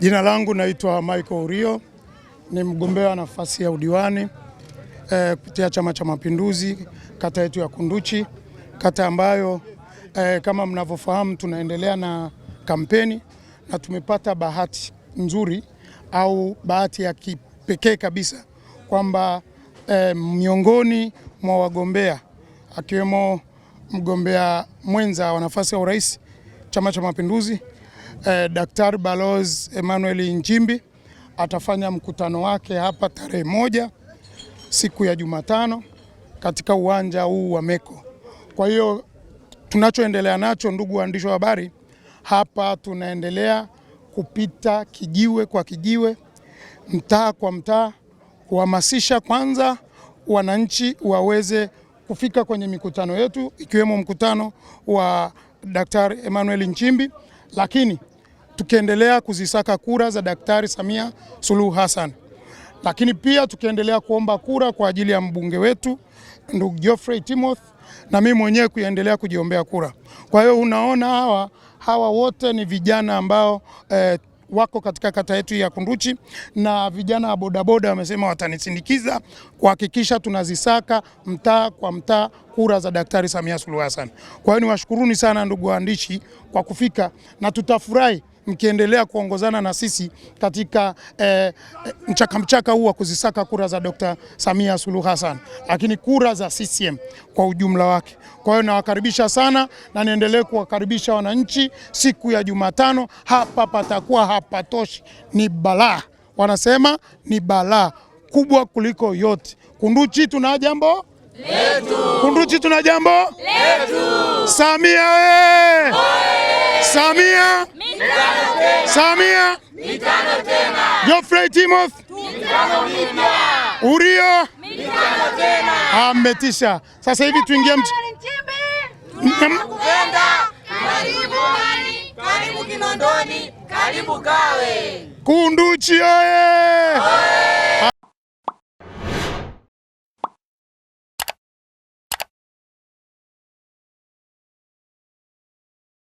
Jina langu naitwa Michael Urio, ni mgombea wa nafasi ya udiwani e, kupitia Chama cha Mapinduzi kata yetu ya Kunduchi, kata ambayo e, kama mnavyofahamu tunaendelea na kampeni na tumepata bahati nzuri au bahati ya kipekee kabisa kwamba e, miongoni mwa wagombea akiwemo mgombea mwenza wa nafasi ya urais Chama cha Mapinduzi eh, Daktari Balozi Emmanuel Nchimbi atafanya mkutano wake hapa tarehe moja siku ya Jumatano katika uwanja huu wa Meko. Kwa hiyo tunachoendelea nacho, ndugu waandishi wa habari, hapa tunaendelea kupita kijiwe kwa kijiwe, mtaa kwa mtaa, kuhamasisha kwanza wananchi waweze kufika kwenye mikutano yetu ikiwemo mkutano wa Daktari Emmanuel Nchimbi, lakini tukiendelea kuzisaka kura za Daktari Samia Suluhu Hassan, lakini pia tukiendelea kuomba kura kwa ajili ya mbunge wetu ndugu Geoffrey Timoth na mimi mwenyewe kuendelea kujiombea kura. Kwa hiyo unaona hawa hawa wote ni vijana ambao eh, wako katika kata yetu ya Kunduchi na vijana wa bodaboda wamesema watanisindikiza kuhakikisha tunazisaka mtaa kwa mtaa kura za Daktari Samia Suluhu Hassan. Kwa hiyo niwashukuruni sana ndugu waandishi kwa kufika, na tutafurahi mkiendelea kuongozana na sisi katika eh, mchakamchaka huu wa kuzisaka kura za Dr. Samia Suluhu Hassan, lakini kura za CCM kwa ujumla wake. Kwa hiyo nawakaribisha sana na niendelee kuwakaribisha wananchi siku ya Jumatano. Hapa patakuwa hapatoshi, ni balaa, wanasema ni balaa kubwa kuliko yote. Kunduchi tuna jambo letu. Kunduchi tuna jambo letu. Samia we Samia Samia, Geoffrey Timoth, Urio, Ametisha. Sasa hivi tuingie mji. Karibu Kinondoni, karibu Kawe. Kunduchi oye!